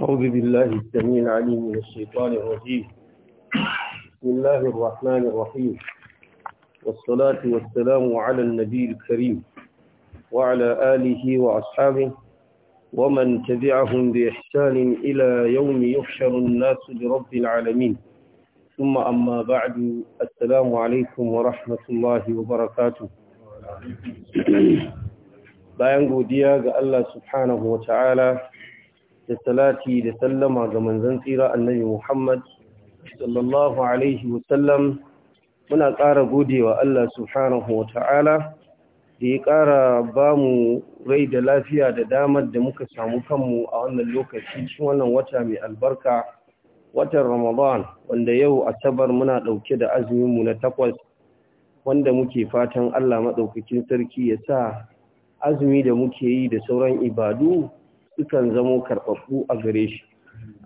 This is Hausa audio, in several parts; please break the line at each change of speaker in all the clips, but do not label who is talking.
أعوذ بالله السميع العليم من الشيطان الرجيم بسم الله الرحمن الرحيم والصلاة والسلام على النبي الكريم وعلى آله وأصحابه ومن تبعهم بإحسان إلى يوم يحشر الناس لرب العالمين ثم أما بعد السلام عليكم ورحمة الله وبركاته bayan godiya الله سبحانه وتعالى da salati da sallama ga manzon tsira annabi Muhammad sallallahu alaihi wa sallam, muna ƙara godewa Allah subhanahu wa ta'ala da ya ƙara ba mu rai da lafiya da damar da muka samu kanmu a wannan lokaci cikin wannan wata mai albarka watan Ramadan wanda yau asabar muna ɗauke da azuminmu na takwas wanda muke fatan Allah maɗaukakin sarki ya sa azumi da muke yi da sauran ibadu sukan zamo karɓaɓɓu a gare shi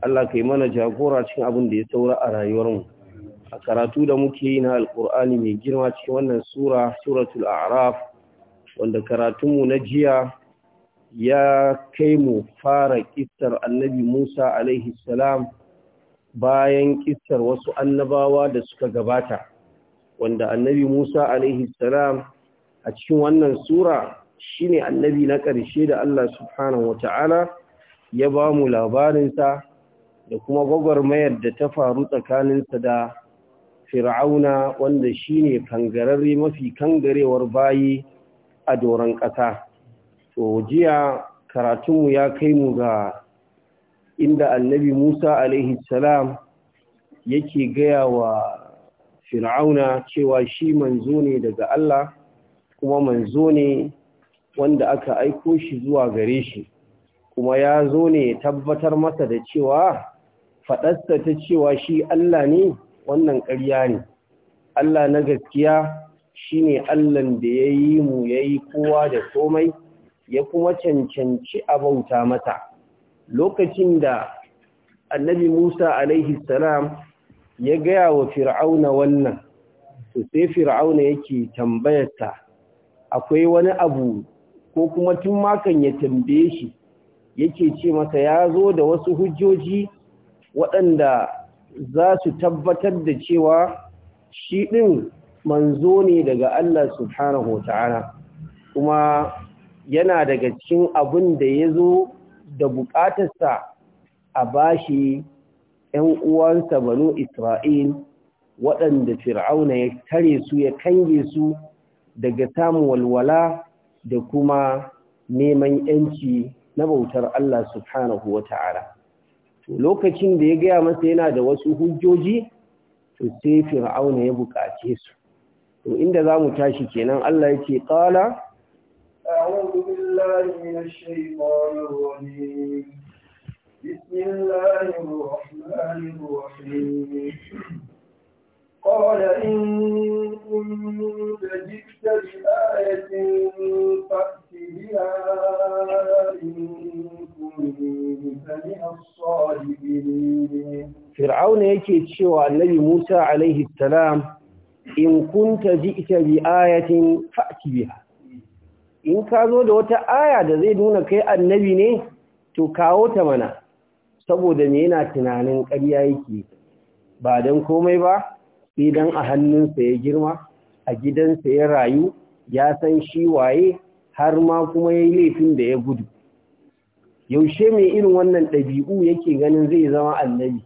Allah kai mana jagora cikin abin da ya saura a rayuwarmu a karatu da muke yi na alkur'ani mai girma cikin wannan sura suratul a'raf wanda karatunmu na jiya ya kai mu fara kissar annabi Musa alaihi salam bayan kissar wasu annabawa da suka gabata wanda annabi Musa alaihi salam a cikin wannan sura ne annabi na ƙarshe da Allah subhanahu wata'ala ya ba mu labarinsa da kuma gwagwarmayar da ta faru tsakaninsa da fir'auna wanda shi ne kangararre mafi kangarewar bayi a doron ƙasa to jiya karatunmu ya kai mu ga inda annabi musa alaihi salam yake gaya wa fir'auna cewa shi manzo ne daga Allah kuma manzo ne wanda aka aiko shi zuwa gare shi kuma ya zo ne ya tabbatar masa da cewa faɗasta ta cewa shi Allah ne wannan ƙarya ne Allah na gaskiya shi ne Allahn da ya yi mu ya yi kowa da komai ya kuma cancanci a bauta mata lokacin da annabi Musa alaihi salam ya gaya wa fir'auna wannan to sai fir'auna yake tambayarsa akwai wani abu ko kuma tun makan ya tambaye shi yake ce masa ya zo da wasu hujjoji waɗanda za su tabbatar da cewa shi ɗin manzo ne daga Allah subhanahu wa ta'ala kuma yana daga cikin abin da ya zo da buƙatarsa a bashi ‘yan uwansa banu Isra'il waɗanda Fir'auna ya tare su ya kange su daga samun walwala da kuma neman ‘yanci na bautar Allah subhanahu wa ta'ala. Lokacin da ya gaya masa yana da wasu hujjoji, to sai fir'auna ya buƙace su. To inda za mu tashi kenan Allah ya ce, ƙala,
بسم الله الرحمن الرحيم قال إن كنت جئت بآية فأت بها إن كنت من الصادقين
فرعون yake cewa annabi Musa alaihi salam in kunta ji'ta bi ayatin fa'ti biha in ka zo da wata aya da zai nuna kai annabi ne to kawo ta mana saboda me yana tunanin ƙarya yake ba dan komai ba sai idan a hannunsa ya girma a gidansa ya rayu ya san shi waye har ma kuma ya yi laifin da ya gudu yaushe mai irin wannan ɗabi'u yake ganin zai zama annabi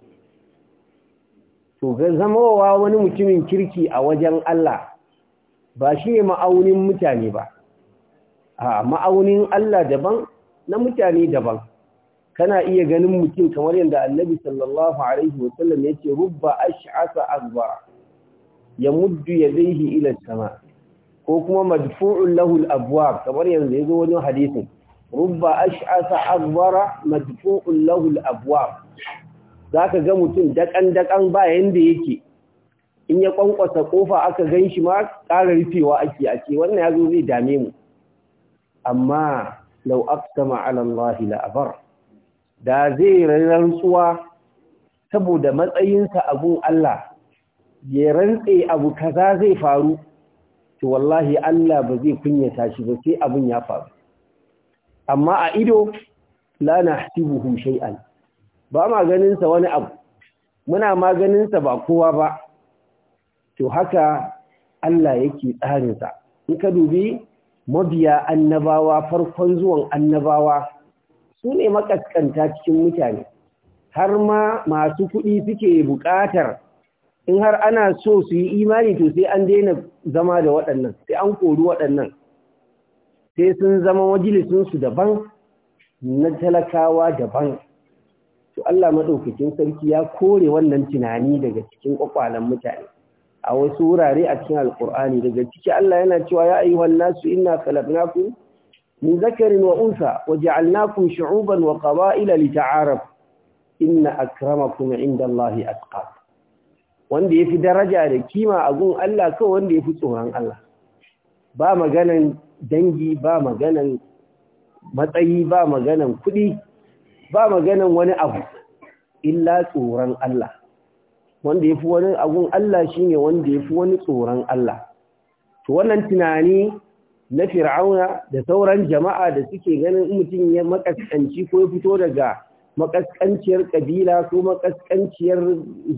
to ga wa wani mutumin kirki a wajen Allah ba shi ne ma'aunin mutane ba a ma'aunin Allah daban na mutane daban kana iya ganin mutum kamar yadda annabi sallallahu alaihi wasallam ya ce rubba ash'asa azbara ya muddu yadayhi ila sama ko kuma madfu'un lahu abwab kamar yanzu yazo wani hadisin rubba ash'asa azwara madfu'un lahul abwab zaka ga mutum dakan dakan ba yanda yake in ya kwankwasa kofa aka ganshi ma ƙara rufewa ake a wannan yazo zai dame mu amma law aqsama ala Allah la abar da zai rantsuwa saboda matsayinsa abun Allah ya rantse abu kaza zai faru to wallahi Allah ba zai kunyata shi ba sai abin ya faru amma a ido la nahsibuhu shay'an ba ma ganin sa wani abu muna ma ganin sa ba kowa ba to haka Allah yake tsarin sa in ka dubi mabiya annabawa farkon zuwan annabawa su ne makaskanta cikin mutane har ma masu kuɗi suke buƙatar in har ana so su yi imani to sai an daina zama da waɗannan sai an kori waɗannan sai sun zama majalisunsu daban na talakawa daban to Allah maɗaukakin sarki ya kore wannan tunani daga cikin ƙwaƙwalen mutane a wasu wurare a cikin alƙur'ani daga ciki Allah yana cewa ya ayyuhan nasu inna khalaqnakum min zakarin wa unsa wa ja'alnakum shu'uban wa qaba'ila lita'arafu inna akramakum indallahi atqakum wanda ya fi daraja da kima a gun Allah kawai wanda ya fi tsoron Allah ba maganan dangi ba maganan matsayi ba maganan kuɗi ba maganan wani abu illa tsoron Allah wanda ya fi wani agun Allah shine wanda ya fi wani tsoron Allah to wannan tunani na fir'auna da sauran jama'a da suke ganin mutum ya makaskanci ko ya fito daga makaskanciyar kabila ko makaskanciyar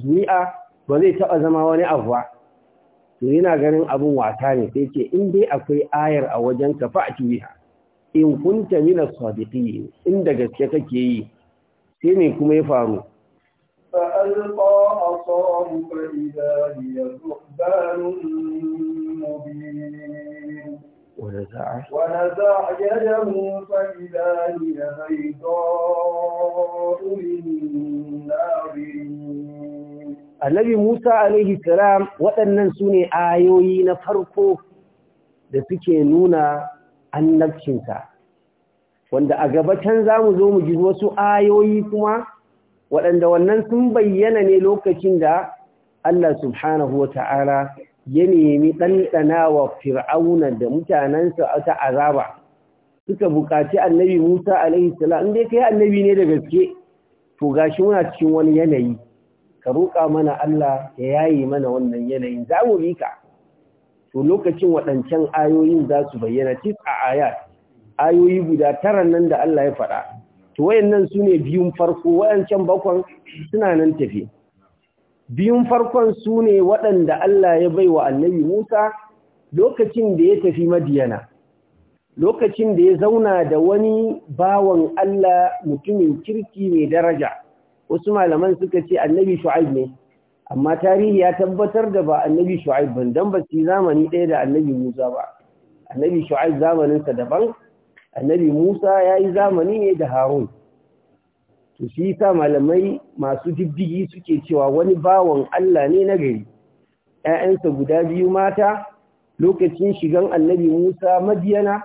zuri'a ba zai taɓa zama wani abu ba to yana ganin abin wata ne sai ce in dai akwai ayar a wajen ka fa biha in kunta min as-sadiqin in da gaske kake yi sai me kuma ya faru
ونزع ونزع يده فإذا هي بيضاء للناظرين
annabi Musa alaihi salam waɗannan su ne ayoyi na farko da suke nuna annabcinsa wanda a gabatan za mu zo mu ji wasu ayoyi kuma waɗanda wannan sun bayyana ne lokacin da Allah subhanahu wa ta'ala ya nemi ɗanɗana wa fir'auna da mutanensa ta azaba suka buƙaci annabi Musa alaihi salam inda kai annabi ne da gaske to gashi muna cikin wani yanayi ka roƙa mana Allah ya yayi mana wannan yanayin za mu bi ka to lokacin waɗancan ayoyin za su bayyana tis a ayat ayoyi guda tara nan da Allah ya faɗa to wayannan su ne biyun farko wayancan bakon suna nan tafi biyun farkon su ne waɗanda Allah ya bai wa annabi Musa lokacin da ya tafi Madiyana lokacin da ya zauna da wani bawan Allah mutumin kirki mai daraja wasu malaman suka ce annabi shu'aib ne amma tarihi ya tabbatar da ba annabi shu'aib ban dan ba su zamani ɗaya da annabi musa ba annabi shu'aib zamaninsa daban annabi musa ya yi zamani ne da harun to shi sa malamai masu diddigi suke cewa wani bawan allah ne na gari ‘ya'yansa guda biyu mata lokacin shigan annabi musa madiyana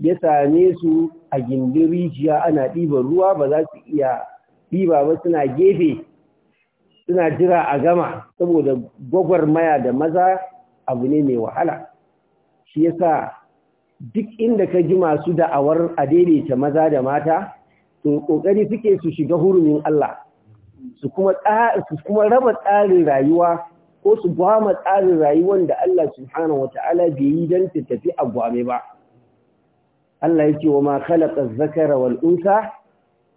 ya same su a gindin rijiya ana ɗiban ruwa ba za su iya bi ba suna gefe suna jira a gama saboda gwagwarmaya da maza abu ne mai wahala shi yasa duk inda ka ji masu da'awar a daidaita maza da mata to kokari suke su shiga hurumin Allah su kuma su kuma raba tsarin rayuwa ko su gwama tsarin rayuwar da Allah subhanahu wata'ala bai yi don ta tafi a gwame ba Allah yake wa ma khalaqa az-zakara wal unsa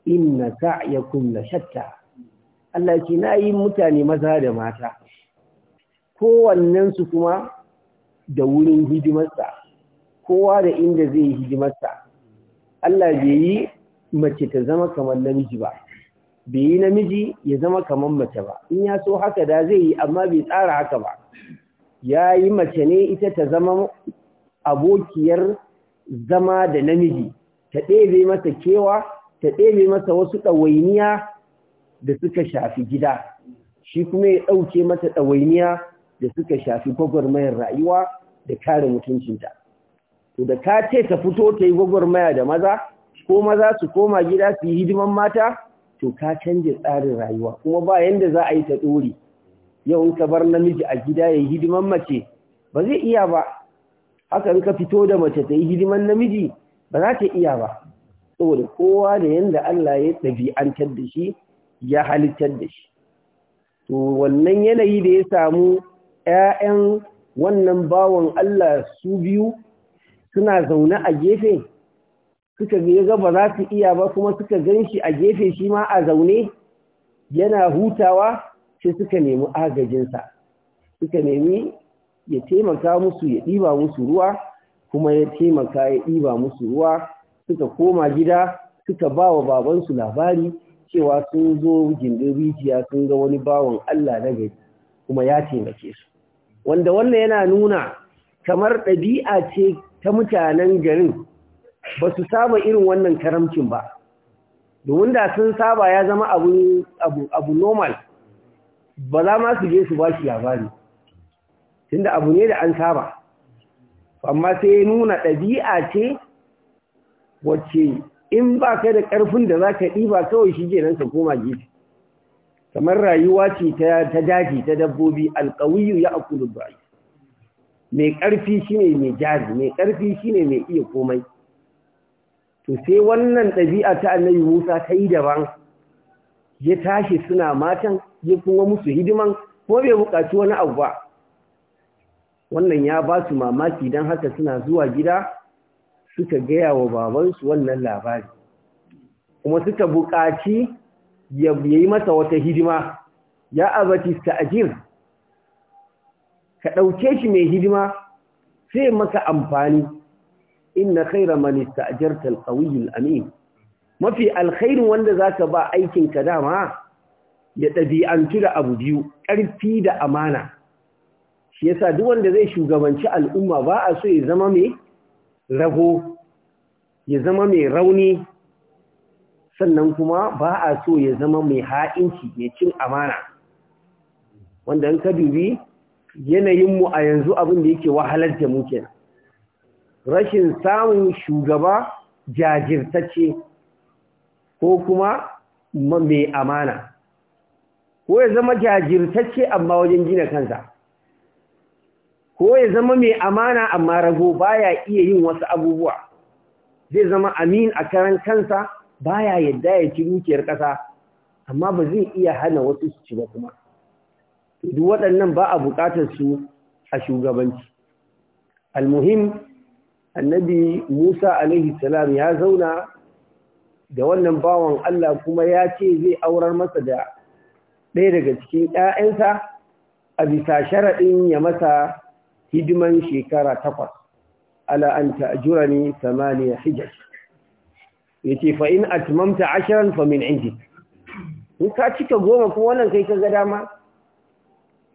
inna sa'yakum la shatta Allah ce na yi mutane maza da mata kowannen su kuma da wurin hidimarsa kowa da inda zai yi hidimarsa Allah bai yi mace ta zama kamar namiji ba bai yi namiji ya zama kamar mace ba in ya so haka da zai yi amma bai tsara haka ba ya yi mace ne ita ta zama abokiyar zama da namiji ta ɗebe masa kewa ta ɗebe masa wasu ɗawainiya da suka shafi gida shi kuma ya ɗauke mata ɗawainiya da suka shafi gwagwarmayar rayuwa da kare mutuncinta to da ka ce ta fito ta yi gwagwarmaya da maza ko maza su koma gida su yi hidiman mata to ka canje tsarin rayuwa kuma ba yanda za a yi ta ɗore yau in ka bar namiji a gida ya yi hidiman mace ba zai iya ba haka in ka fito da mace ta yi hidiman namiji ba za ta iya ba saboda kowa da yanda Allah ya ɗabi'antar da shi ya halittar da shi to wannan yanayi da ya samu ‘ya'yan wannan bawon Allah su biyu suna zaune a gefe suka ga ba za su iya ba kuma suka gan shi a gefe shi ma a zaune yana hutawa sai suka nemi agajinsa suka nemi ya taimaka musu ya ɗiba musu ruwa kuma ya taimaka ya ɗiba musu ruwa suka koma gida suka ba wa babansu labari cewa sun zo gindin rijiya sun ga wani bawan Allah na gari kuma ya taimake su wanda wannan yana nuna kamar ɗabi'a ce ta mutanen garin ba su saba irin wannan karamcin ba domin da sun saba ya zama abu normal ba za ma su je su ba shi labari tunda abu ne da an saba amma sai nuna ɗabi'a ce wacce in ba ka da ƙarfin da za ka ɗiba kawai shi nan ka koma gefe kamar rayuwa ce ta daji ta dabbobi alƙawiyu ya akulu ba'i mai ƙarfi shi ne mai jari, mai ƙarfi shi ne mai iya komai to sai wannan ɗabi'a ta annabi musa ta yi daban ya tashi suna matan ya kuma musu hidiman ko bai buƙaci wani abu ba wannan ya ba su mamaki don haka suna zuwa gida suka gaya wa babansu wannan labari kuma suka buƙaci ya yi masa wata hidima ya abati ta'jir ka ɗauke shi mai hidima sai maka amfani inna khaira man ista'jarta al-qawiy al-amin mafi alkhairin wanda zaka ba aikin ka dama ya ɗabi'antu da abu biyu ƙarfi da amana shi yasa duk wanda zai shugabanci al'umma ba a so ya zama mai rago ya zama mai rauni sannan kuma ba a so ya zama mai ha'inci mai cin amana wanda an ka dubi mu a yanzu abin da yake wahalar da muke rashin samun shugaba jajirtacce ko kuma mai amana ko ya zama jajirtacce amma wajen gina kansa ko ya zama mai amana amma rago baya iya yin wasu abubuwa zai zama amin a karan kansa baya yadda ya ci dukiyar ƙasa amma ba zai iya hana wasu su ci ba kuma duk waɗannan ba a buƙatar su a shugabanci almuhim annabi Musa alaihi salam ya zauna da wannan bawan Allah kuma ya ce zai aurar masa da ɗaya daga cikin ‘ya'yansa a bisa sharaɗin ya masa hidiman shekara takwas ala an ne samaniya hijaj Ya ce, in a tumamta fa famin inji, in ka cika goma kuma wannan kai ka ga dama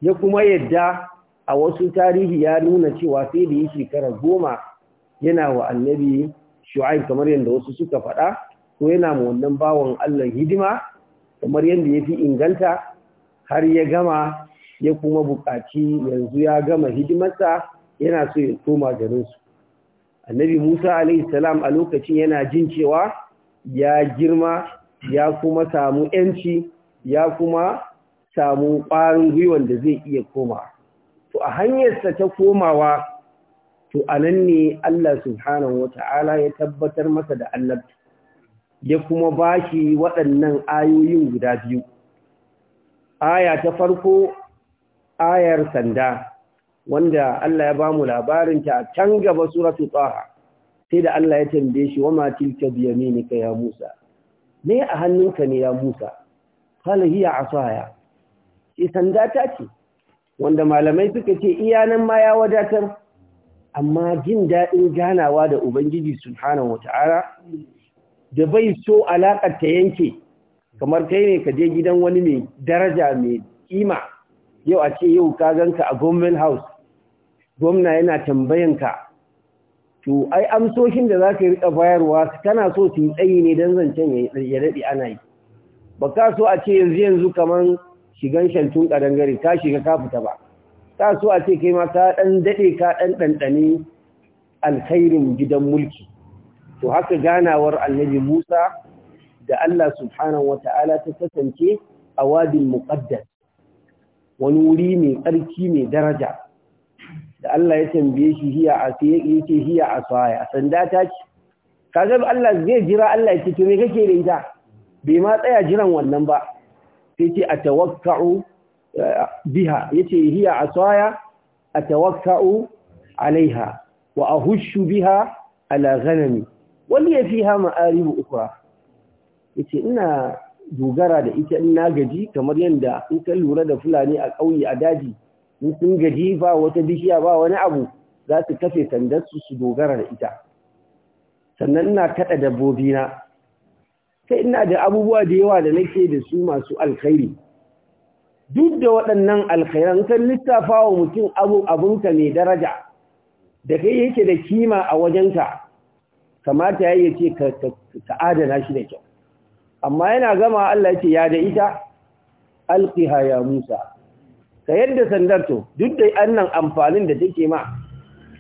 ya kuma yadda a wasu tarihi ya nuna cewa sai da yi shekara goma yana wa annabi shu'aib kamar yadda wasu suka faɗa ko yana ma wannan bawan Allah hidima kamar yadda ya fi inganta har ya gama ya kuma buƙaci yanzu ya gama hidimarsa yana so ya koma garinsu annabi musa salam a lokacin yana jin cewa ya girma ya kuma samu yanci ya kuma samu ƙwarin gwiwan da zai iya koma to a hanyarsa ta komawa to a nan ne allah subhanahu wata'ala ya tabbatar masa da annabta ya kuma ba shi waɗannan ayoyin guda biyu aya ta farko ayar sanda wanda Allah ya ba mu labarinta a can gaba suratu taha sai da Allah ya tambaye shi wama tilka biyaminika ya Musa me a hannunka ne ya Musa qala hiya asaya shi sanda ta ce wanda malamai suka ce iyanan ma ya wadatar amma jin daɗin ganawa da Ubangiji subhanahu wata'ala da bai so alaƙar ta yanke kamar kai ne ka je gidan wani mai daraja mai kima yau a ce yau ka ka a government house gwamna yana tambayanka to ai amsoshin da za ka riƙa bayarwa tana so su yi tsayi ne don zancen ya daɗe ana yi ba ka so a ce yanzu yanzu kamar shigan shantun ƙadangare ka shiga ka fita ba ka so a ce kai ma ka ɗan daɗe ka ɗan ɗanɗani alkhairin gidan mulki to haka ganawar annabi musa da allah subhanahu Ta'ala ta kasance a wadin muƙaddas wani wuri mai tsarki mai daraja da Allah ya tambaye shi hiya a yake hiya a tsaya sanda ta ce kaga Allah zai jira Allah ya ce to me kake da ita bai ma tsaya jiran wannan ba sai ce atawakka'u eh, biha yace hiya a a atawakka'u alaiha wa ahushu biha ala ghanami wani ya fiha ma'aribu ukra yace ina dogara da ita in na gaji kamar yadda in ka lura da fulani a ƙauye a daji in sun gaji ba wata bishiya ba wani abu za su kafe sandarsu su dogara da ita sannan ina kaɗa dabbobina sai ina da abubuwa da yawa da nake da su masu alkhairi duk da waɗannan alkhairan kan littafa wa mutum abu abunka mai daraja da kai yake da kima a wajenka kamata ya yi ce ka adana shi da kyau amma yana gama Allah ya ya da ita alqiha ya Musa ka yadda sandar to duk da annan amfanin da take ma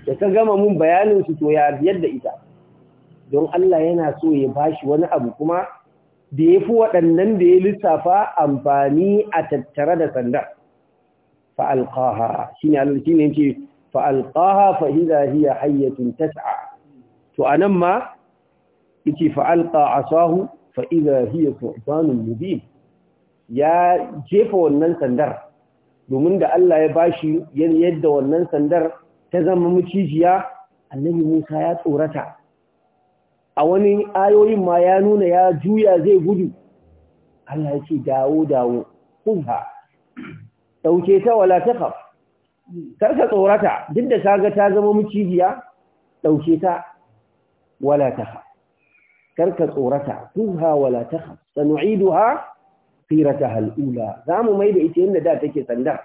da ka gama mun bayanin su to ya yadda ita don Allah yana so ya bashi wani abu kuma da ya fi waɗannan da ya lissafa amfani a tattare da sandar fa'alƙaha shi ne alƙi ce fa'alƙaha fa'iza hiya hayyacin tas'a to a nan ma yake fa'alƙa a sahu fa'iza hiya su'banun mubin ya jefa wannan sandar domin da Allah ya bashi yadda wannan sandar ta zama mucijiya annabi Musa ya tsorata a wani ayoyin ma ya nuna ya juya zai gudu Allah ya ce dawo dawo kunha dauke ta wala kar karka tsorata duk da kaga ta zama mucijiya dauke ta wala takhaf karka tsorata tuha wala taha sanu'iduha sirataha al'ula zamu mai da ita yadda da take sanda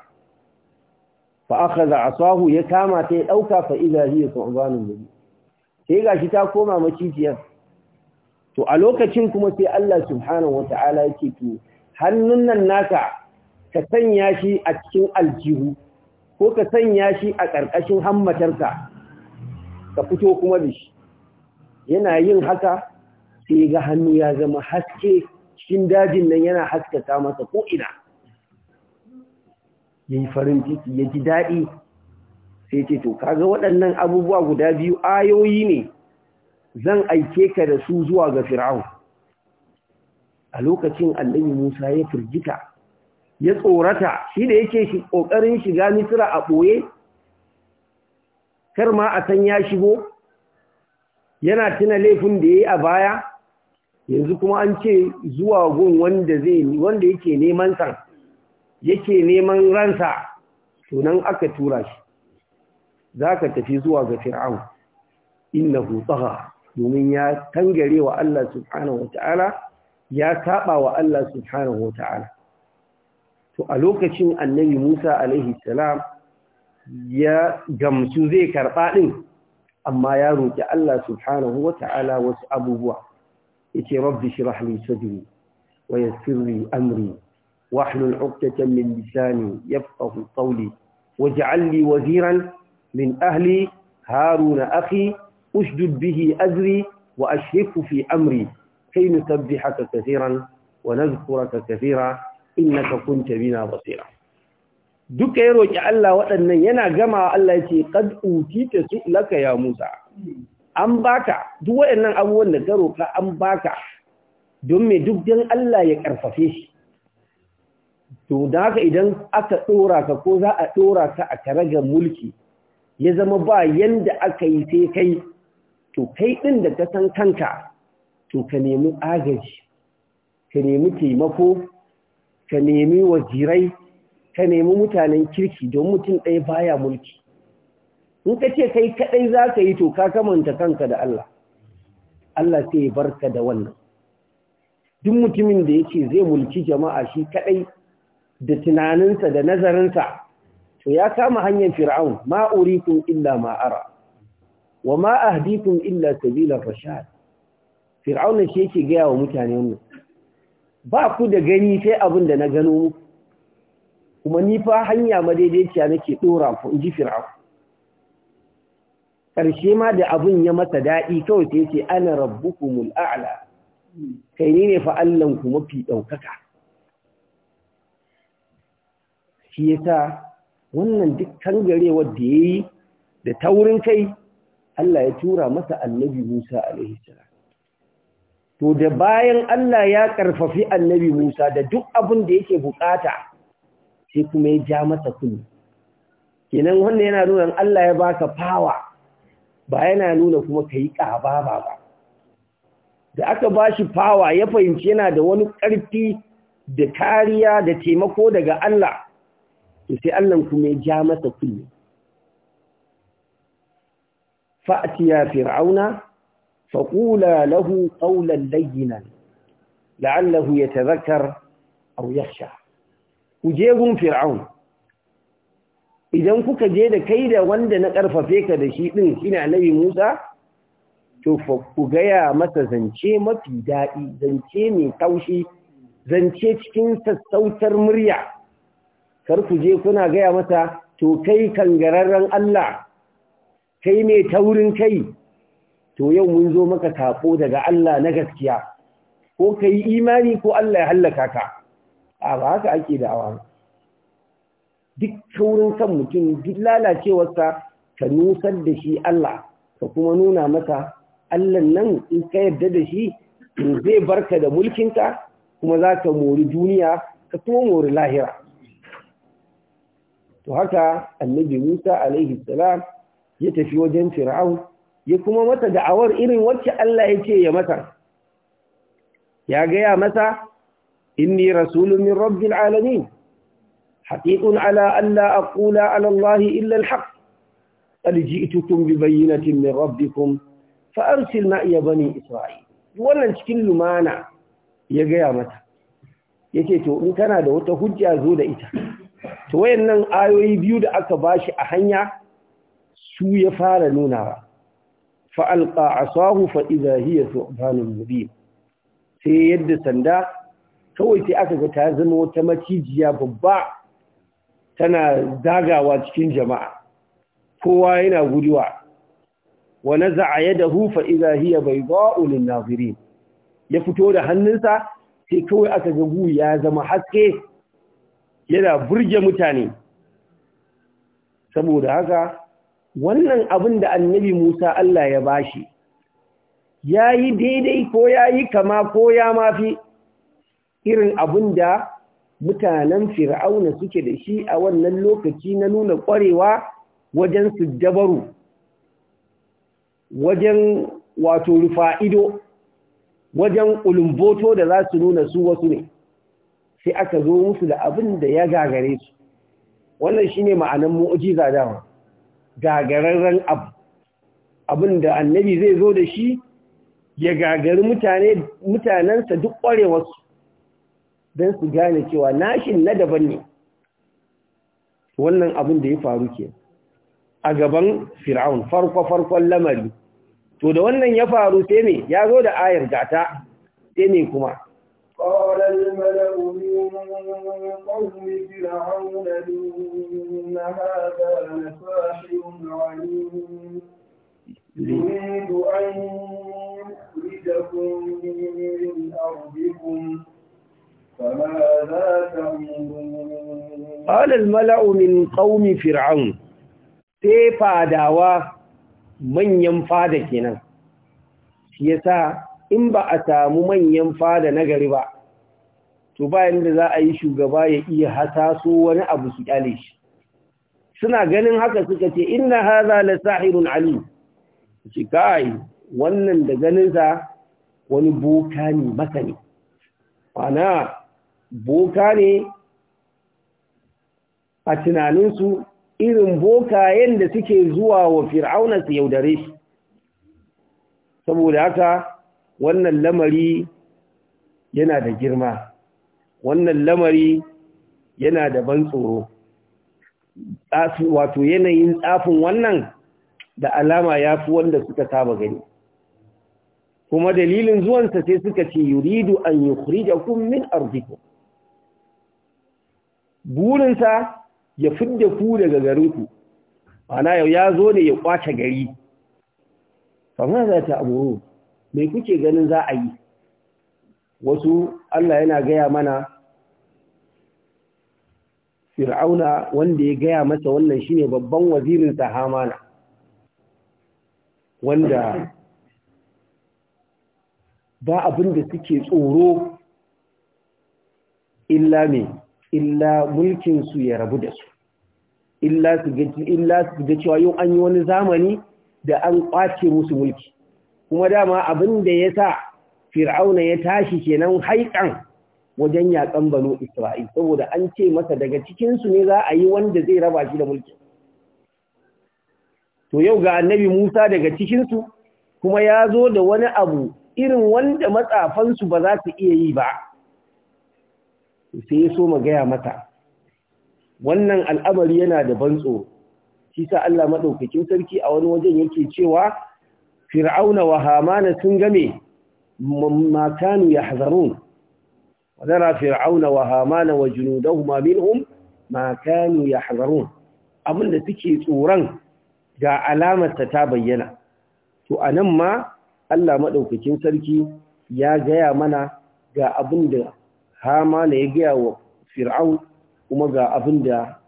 fa akhadha asahu ya kama ta ya dauka fa idha hiya thubanun mubin sai gashi ta koma macijiyar to a lokacin kuma sai Allah subhanahu wata'ala yake to hannun nan naka ka sanya shi a cikin aljihu ko ka sanya shi a ƙarƙashin hammatarka ka fito kuma da shi yana yin haka sai ga hannu ya zama haske cikin dajin nan yana haskaka masa ko'ina ya yi farin ciki ya ji daɗi sai ce to kaga waɗannan abubuwa guda biyu ayoyi ne zan aike ka da su zuwa ga fir'aun a lokacin annabi musa ya firgita ya tsorata shi da yake ƙoƙarin shiga misira a ɓoye kar ma a san ya shigo yana tuna laifin da ya yi a baya yanzu kuma an ce zuwa gun wanda zai wanda yake neman sa yake neman ransa sunan aka tura shi zaka tafi zuwa ga fir'aun innahu tagha domin ya tangare wa Allah subhanahu wataala ya taɓa wa Allah subhanahu wataala to a lokacin annabi Musa alaihi salam ya gamsu zai karɓa din amma ya roƙi Allah subhanahu wataala wasu abubuwa إتي ربي شرح لي صدري ويسر لي أمري amri واحلل عقدة من لساني يفقه قولي واجعل لي وزيرا من أهلي هارون أخي أشدد به أزري وأشركه في أمري كي نسبحك كثيرا ونذكرك كثيرا إنك كنت بنا بصيرا دوك يروج الله وأن ينا جمع الله قد أوتيت سؤلك يا موسى an baka duk waɗannan abubuwan da ka roƙa an baka don me duk dan Allah ya karfafe shi to da haka idan aka dora ka ko za a dora ka a karaga mulki ya zama ba yanda aka yi sai kai to kai din da ka san kanka to ka nemi agaji ka nemi taimako ka nemi wajirai ka nemi mutanen kirki don mutum ɗaya baya mulki in ka ce kai kaɗai za ka yi to ka kamanta kanka da Allah Allah sai ya barka da wannan duk mutumin da yake zai mulki jama'a shi kaɗai. da tunaninsa da nazarinsa to ya kama hanyar fir'aun ma urikum illa ma ara wa ma ahdikum illa sabila rashad fir'aun shi yake gaya wa mutane wannan ba ku da gani sai abin da na gano kuma ni fa hanya madaidaiciya nake dora ku inji fir'aun ƙarshe ma da abun ya masa daɗi kawai sai ce ana rabbukumul mul'a'ala. kai ni ne fa Allahnku mafi ɗaukaka shi sa wannan duk wadda da yi da taurin kai Allah ya tura masa annabi Musa alaihi salam to da bayan Allah ya ƙarfafi annabi Musa da duk abin da yake buƙata, sai kuma ya ja masa kuni kenan wannan yana nuna Allah ya baka fawa. ba yana nuna kuma ka yi ƙaba ba ba da aka ba shi fawa ya fahimci yana da wani ƙarfi da kariya da taimako daga Allah to sai Allah kuma ya ja masa kulle fa'tiya fir'auna faƙula lahu ya layyinan la'allahu wuyar sha. Ku je gun fir'aun idan kuka je da kai da wanda na ƙarfafe ka da shi ɗin kina layi Musa to ku gaya masa zance mafi daɗi zance mai taushi zance cikin sassautar murya kar ku je kuna gaya masa to kai kangararren Allah kai mai taurin kai to yau mun zo maka sako daga Allah na gaskiya ko kai imani ko Allah ya hallaka ka a ba haka ake da'awa duk wurin san mutum duk lalacewarsa ka nusar da shi Allah ka kuma nuna masa Allah nan in ka yarda da shi zai barka da mulkinka kuma za ka mori duniya ka kuma mori lahira to haka annabi Musa alaihi salam ya tafi wajen Fir'aun ya kuma mata da'awar irin wacce Allah ya ce ya mata ya gaya masa inni rasulun min rabbil alamin حقيق على أن لا أقول على الله إلا الحق قد جئتكم ببينة من ربكم فأرسل معي بني إسرائيل wannan cikin lumana ya gaya mata yace to in kana da wata hujja zo da ita to wayannan ayoyi biyu da aka bashi a hanya su ya fara nunawa fa'alƙa a sahu fa'iza hiya tsobanin mubi sai yadda sanda kawai sai aka ga ta zama wata macijiya babba tana zagawa cikin jama'a kowa yana guduwa wa naza'a yadahu fa idha hiya bayda'u lin-nazirin ya fito da hannunsa sai kawai aka ga gu ya zama haske yana burge mutane saboda haka wannan abin da annabi Musa Allah ya bashi yayi daidai ko yayi kama ko ya mafi irin abin da mutanen fir'auna suke da shi a wannan lokaci na nuna ƙwarewa wajen su dabaru, wajen wato rufa'ido wajen ulumboto da za su nuna su wasu ne sai aka zo musu da abin da ya gagare su wannan shi ne ma'anan mu'ujiza dama gagararren abu abin da annabi zai zo da shi ya gagari mutanensa duk ƙwarewarsu don su gane cewa nashin na daban ne wannan abin da ya faru ke a gaban fir'aun farko-farkon lamari to da wannan ya faru sai ne ya zo da ayar gata sai ne kuma da
يريد أن يخرجكم من أرضكم فماذا
malaumin قال Fir'aun, من sai fadawa manyan fada kenan shi yasa in ba a samu manyan fada na gari ba to bayan da za a yi shugaba ya iya hasaso wani abu su kyale shi suna ganin haka suka ce inna hadha la sahirun Ali, shi kai wannan da ganinsa wani boka ne masani ana boka ne a tunaninsu irin bokayen da suke zuwa wa fir'auna su yaudare shi saboda haka wannan lamari yana da girma wannan lamari yana da ban tsoro wato yanayin tsafin wannan da alama ya fi wanda suka saba gani kuma dalilin zuwansa sai suka ce yuridu an yi min arzikin burinsa ya fidda ku daga garinku ana yau ya zo ne ya kwace gari kamar za ta abu mai kuke ganin za a yi wasu Allah yana gaya mana fir'auna wanda ya gaya masa wannan shine babban wazirin sa hamana wanda ba abin da suke tsoro illa ne. illa su ya rabu da su illa su ga cewa yau an yi wani zamani da an ƙwace musu mulki kuma dama abin da ya sa fir'auna ya tashi kenan haikan wajen ya banu isra'il saboda an ce masa daga cikinsu ne za a yi wanda zai raba shi da mulki to yau ga annabi musa daga cikinsu kuma ya zo da wani abu irin wanda matsafansu ba za su iya yi ba sai ya so mu gaya mata wannan al'amari yana da ban tsoro shi sa Allah madaukakin sarki a wani wajen yake cewa fir'auna wa hamana sun game ma kanu yahzarun wadara fir'auna wa hamana wa junudahuma minhum ma kanu yahzarun da suke tsoron ga alamar ta bayyana to anan ma Allah madaukakin sarki ya gaya mana ga abinda ne ya gaya wa fir'aun kuma ga abin da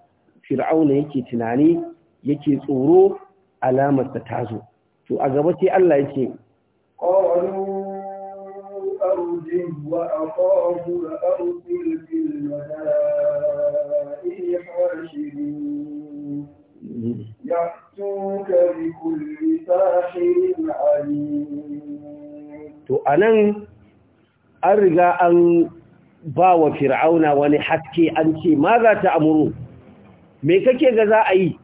fir'auna yake tunani yake tsoro alamar ta tazo to a gaba sai Allah yake qalu to anan an riga an ba wa fir'auna wani haske an ce ma za ta amuru me kake ga za a yi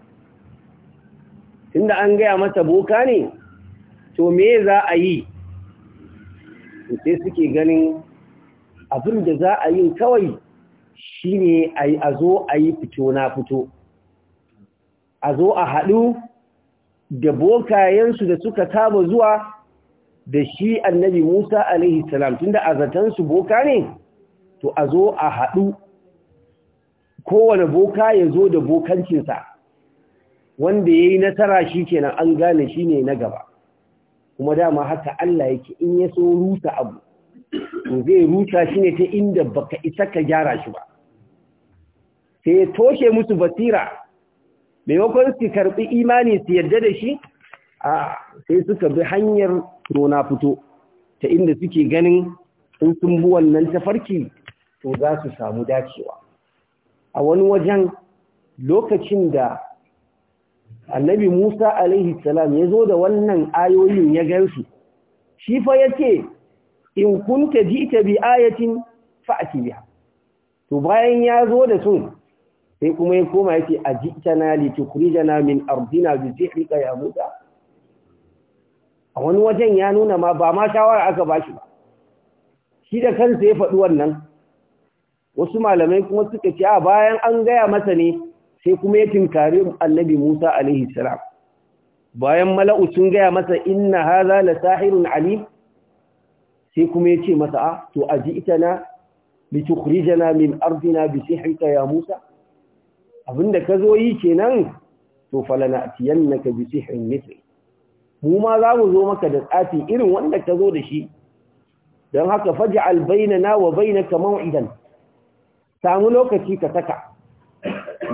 tunda an gaya mata, boka ne to me za a yi sai suke ganin abin da za a yi kawai shine a zo a yi fito na fito a zo a haɗu da bokayensu da suka saba zuwa da shi annabi Musa alaihi salam tunda azatansu boka ne to a zo a haɗu kowane boka ya zo da bokancinsa wanda ya yi nasara shi kenan an gane shi ne na gaba kuma dama haka Allah yake in ya so rusa abu to zai rusa shi ne ta inda baka isa ka gyara shi ba sai ya toshe musu basira maimakon su karɓi imani su yarda da shi a sai suka bi hanyar rona fito ta inda suke ganin in sun bi wannan tafarki to za su samu dacewa a wani wajen lokacin da annabi Musa alaihi salam ya zo da wannan ayoyin ya gansu shi fa ya ce in kunta ta bi ayatin fa’ati biya. to bayan ya zo da sun sai kuma ya koma ya ce ta na li da min ardina zai rika ya muta. a wani wajen ya nuna ma ba ma shawara aka bashi ba shi da kansa ya faɗi wannan wasu malamai kuma suka ce a bayan an gaya masa ne sai kuma ya tinkari annabi Musa alaihi salam bayan mala'u sun gaya masa inna haza la sahirun Ali, sai kuma ya ce masa a to aji itana bi tukhrijana min ardina bi sihrika ya Musa abinda ka zo yi kenan to falanatiyannaka bi sihrin mithli mu ma za mu zo maka da tsafi irin wanda ka zo da shi don haka faji albainana wa bainaka maw'idan samu lokaci ka saka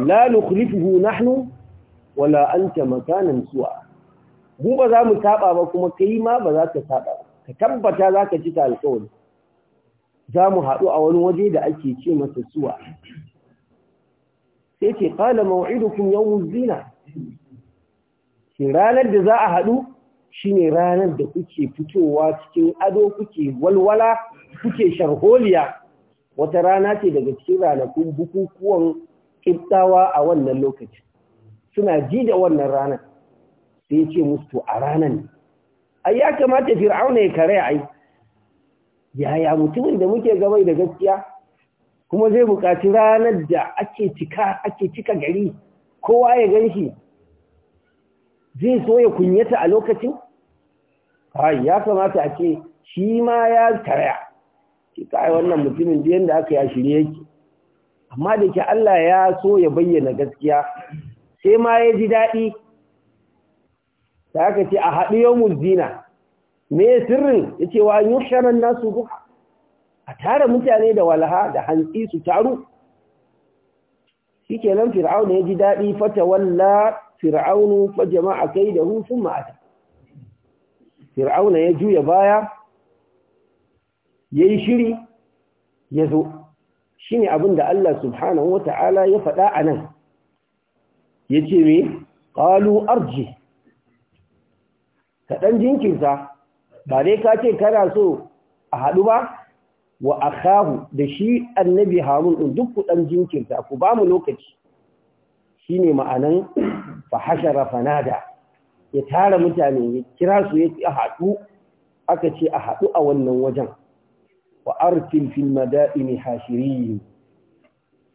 la nukhlifuhu nahnu wala anta makanan su'a mu ba za mu saba ba kuma kai ma ba za ka saba ka tabbata za ka ta alƙawari za mu haɗu a wani waje da ake ce masa suwa sai ce ƙala maw'idukum yawon zina shi ranar da za a haɗu shine ranar da kuke fitowa cikin ado kuke walwala kuke sharholiya wata rana ce daga cikin ranakun bukukuwan kiftawa a wannan lokaci suna ji da wannan ranar sai ya ce musu to a ranar ne ai ya kamata fir'auna ya kare ai yaya mutumin da muke gabai da gaskiya kuma zai buƙaci ranar da ake cika ake cika gari kowa ya gan shi zai so ya kunyata a lokacin ai ya kamata a ce shi ma ya karaya ke kai wannan mutumin da yanda aka ya shirye yake amma da ke Allah ya so ya bayyana gaskiya sai ma ya ji daɗi ta aka ce a haɗu yawmul zina me sirrin yace wa sharan nasu duha a tara mutane da walha da hantsi su taru shi kenan fir'auna ya ji daɗi fata walla fir'aunu fa jama'a kai da hufin ma'ata fir'auna ya juya baya ya yi shiri ya zo shi ne abin da Allah subhanahu wa ta'ala ya faɗa a nan ya ce mai ƙalu arji kaɗan jinkinsa ba dai ka ce kana so a haɗu ba wa akahu da shi annabi harun ɗin duk kuɗan jinkirta ku ba mu lokaci shi ne ma'anan fahashara fanada ya tara mutane ya kira su ya a haɗu aka ce a haɗu a wannan wajen wa arsil fil madaini hashirin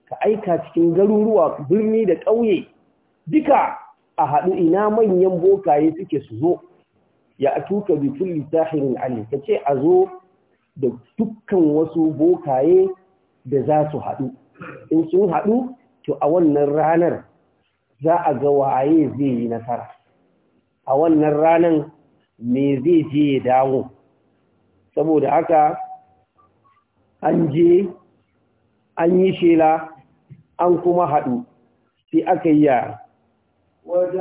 ka aika cikin garuruwa birni da ƙauye duka a haɗu ina manyan bokaye suke su zo ya atuka bi kulli sahirin alim ka ce a zo da dukkan wasu bokaye da za su haɗu in sun haɗu to a wannan ranar za a ga waye zai yi nasara a wannan ranar me zai je ya dawo saboda haka an je an yi shela an kuma haɗu sai aka yi yara.
Wajen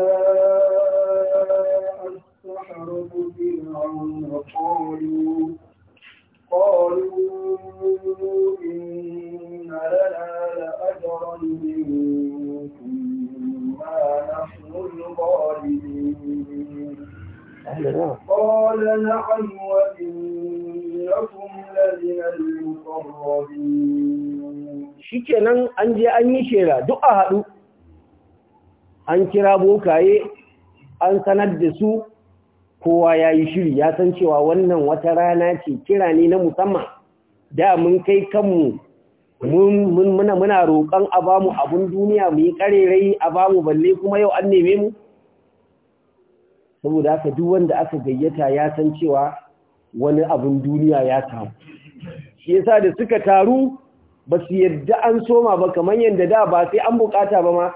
قال نعم وإنكم shi
shikenan an je an yi shera duk a haɗu an kira bokaye an sanar da su kowa ya yi shiri ya san cewa wannan wata rana ce kira ne na musamman da mun kai kanmu muna muna roƙon a ba mu abin duniya mu yi ƙarerai a ba mu balle kuma yau an neme mu saboda haka duk wanda aka gayyata ya san cewa wani abin duniya ya taru shi yasa da suka taru ba su yadda an soma ba kamar yadda da ba sai an bukata ba ma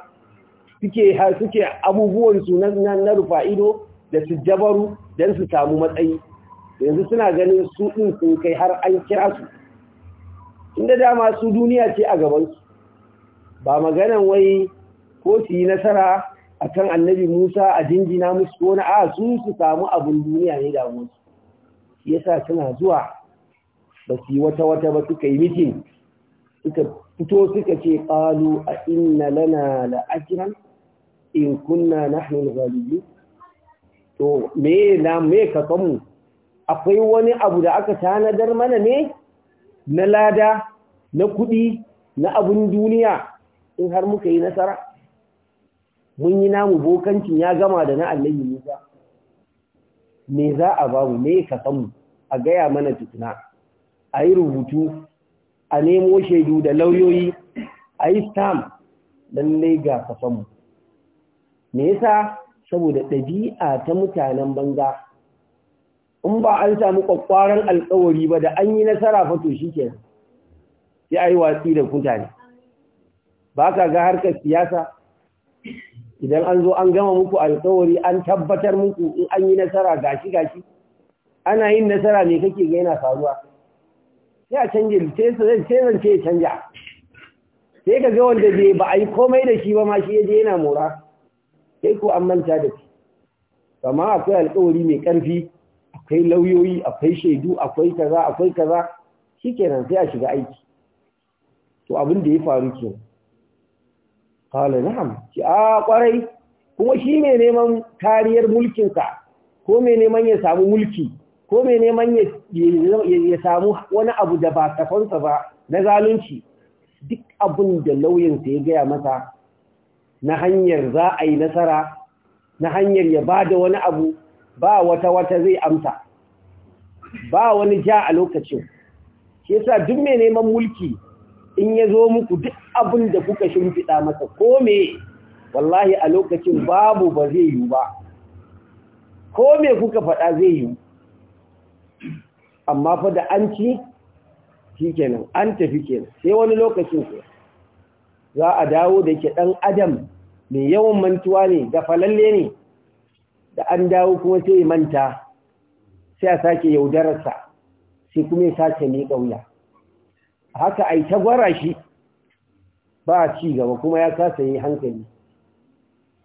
suke suke abubuwan su na rufa ido da su jabaru don su samu matsayi yanzu suna ganin su ɗin sun kai har an kira su inda dama su duniya ce a gaban su. ba maganan wai ko su yi nasara akan annabi musa a jinjina musu ko na a su su samu abin duniya ne da damuwarsu shi yasa suna zuwa ba su yi wata wata ba suka yi mitin suka fito suka ce qalu a inna lana la ajran in kunna nahnu al-ghalibin to me na me ka akwai wani abu da aka tanadar mana ne na lada na kuɗi, na abun duniya in har muka yi nasara mun yi namu bokancin ya gama da na Allah Musa me za a ba mu me ka san mu a gaya mana tukuna a yi rubutu a nemo shaidu da lauyoyi a yi stamp lallai ga ka san mu me yasa saboda ɗabi'a ta mutanen banga? in ba an samu kwakwaran alkawari ba da an yi nasara fato shi ke sai yi watsi da kutane. ba ka ga harkar siyasa idan an zo an gama muku alkawari an tabbatar muku in an yi nasara gashi gashi ana yin nasara me kake ga yana faruwa sai a canje sai zance ya canja sai ka ga wanda bai ba a yi komai da shi ba ma shi ya je yana mora sai ko an manta da shi amma akwai alkawari mai karfi akwai lauyoyi akwai shaidu akwai kaza akwai kaza shikenan sai a shiga aiki to abin da ya faru kenan Kala na'am ki a kwarai kuma shi ne neman kariyar mulkinsa ko mai neman ya samu mulki ko mai neman ya samu wani abu da ba kafansa ba na zalunci duk abin da lauyansa ya gaya masa na hanyar za a yi nasara na hanyar ya ba da wani abu ba wata-wata zai amsa ba wani ja a lokacin shi yasa duk mai neman mulki in ya zo muku duk abin da kuka shimfiɗa masa ko me wallahi a lokacin babu ba zai yi ba ko me kuka faɗa zai yi amma fa da an ci shi kenan an tafi kenan sai wani lokacin ku za a dawo da ke ɗan adam mai yawan mantuwa ne da falalle ne da an dawo kuma sai manta sai a sake yaudararsa sai kuma ya sace ne ƙauya haka ai ta gwara shi ba ci gaba kuma ya kasa yi hankali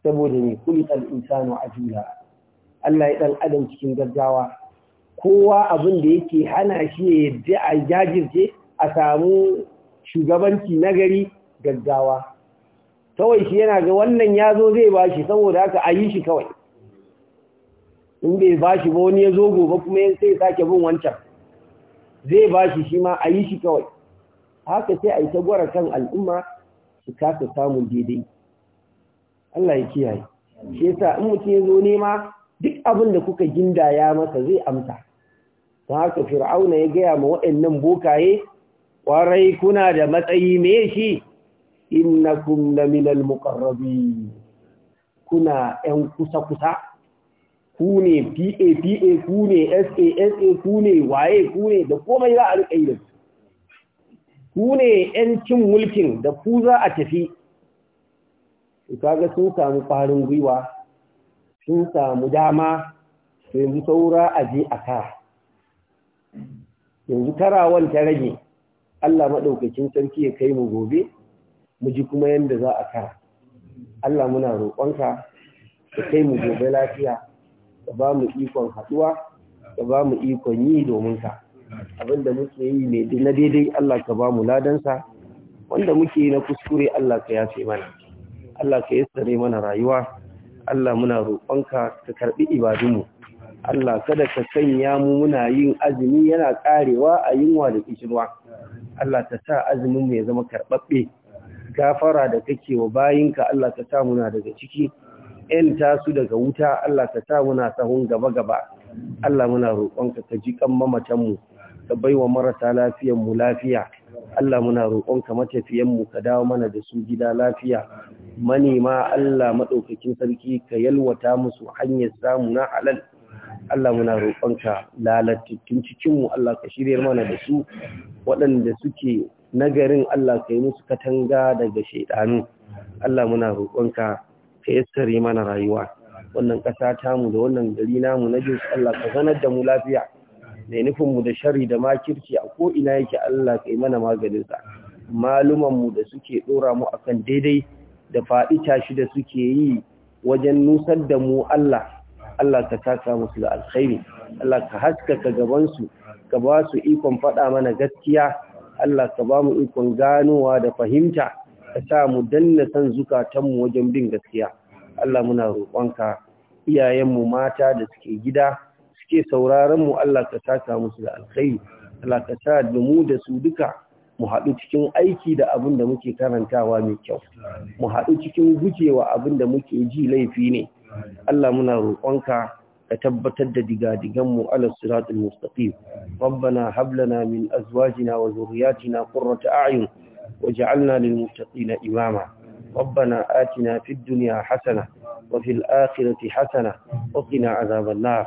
saboda ne kulikal insanu ajula Allah ya dan adam cikin gaggawa kowa abin da yake hana shi ya yadda a jajirce a samu shugabanci nagari gaggawa kawai shi yana ga wannan ya zo zai ba shi saboda haka a yi shi kawai in bai ba shi ba wani ya zo gobe kuma sai sake bin wancan zai ba shi shi ma a yi shi kawai haka sai a yi ta gwara kan al'umma su kasa samun daidai Allah ya kiyaye shi yasa in mutum ya zo nema duk abin da kuka gindaya masa zai amsa don haka fir'auna ya gaya ma waɗannan bokaye ƙwarai kuna da matsayi me shi na minal muƙarrabi kuna ‘yan kusa-kusa, ku ne PAPA, ku ne SASA, ku ne waye, ku ne da komai za a riƙa yi da su. ku ne ‘yancin mulkin da ku za a tafi, ga sun samu farin gwiwa, sun samu dama, sai yanzu saura a je a kara. Yanzu karawan ta rage, Allah maɗaukacin sarki ya kai mu gobe, mu ji kuma yadda za a kara. Allah muna roƙonka, ka kai mu gobe lafiya, ka ba mu ikon haɗuwa, ka ba mu ikon yi domin ka. abinda muke yi mai na daidai Allah ka ba mu ladansa wanda muke yi na kuskure Allah ka yafe mana Allah ka yassare mana rayuwa Allah muna roƙonka ka karbi ibadunmu Allah kada ka sanya mu muna yin azumi yana karewa a yunwa da kishirwa Allah ka sa azumin mu ya zama karɓaɓɓe gafara da kake wa bayinka Allah ka sa muna daga ciki ‘yan tasu daga wuta Allah ka sa muna sahun gaba-gaba, Allah muna roƙonka ka ji kan mamatanmu, ka bai wa marasa lafiyan mu lafiya Allah muna roƙonka matafiyanmu mu ka dawo mana da su gida lafiya manema Allah maɗaukakin sarki ka yalwata musu hanyar samu na halal Allah muna roƙonka lalatattun cikinmu Allah ka shirya mana da su waɗanda suke nagarin Allah ka yi musu katanga daga shaidanu Allah muna roƙonka ka yassare mana rayuwa wannan ƙasa tamu da wannan gari namu na jinsu Allah ka zanar da mu lafiya da nufinmu da shari da makirci a ko ko'ina yake Allah kai mana maganinsa malumanmu da suke ɗora mu akan daidai da faɗi tashi da suke yi wajen nusar da mu Allah Allah ka taka musu da alkhairi Allah ka haskaka gabansu ka ba su ikon faɗa mana gaskiya Allah ka ba mu ikon ganowa da fahimta ka sa mu danna san zukatanmu wajen bin gaskiya Allah muna roƙonka iyayenmu mata da suke gida suke sauraron mu Allah ka saka musu da alkhairi Allah ka sa da mu da su duka mu haɗu cikin aiki da abin da muke karantawa mai kyau mu haɗu cikin gujewa abin da muke ji laifi ne Allah muna roƙonka ka tabbatar da diga-diganmu ala siratul mustaqim rabbana hab lana min azwajina wa zurriyatina qurrata a'yun waj'alna lil muttaqina imama ربنا آتنا في الدنيا حسنة وفي الآخرة حسنة وقنا عذاب النار